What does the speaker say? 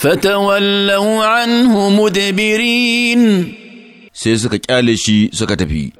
فتولوا عنه مدبرين sai suka kyale shi suka tafi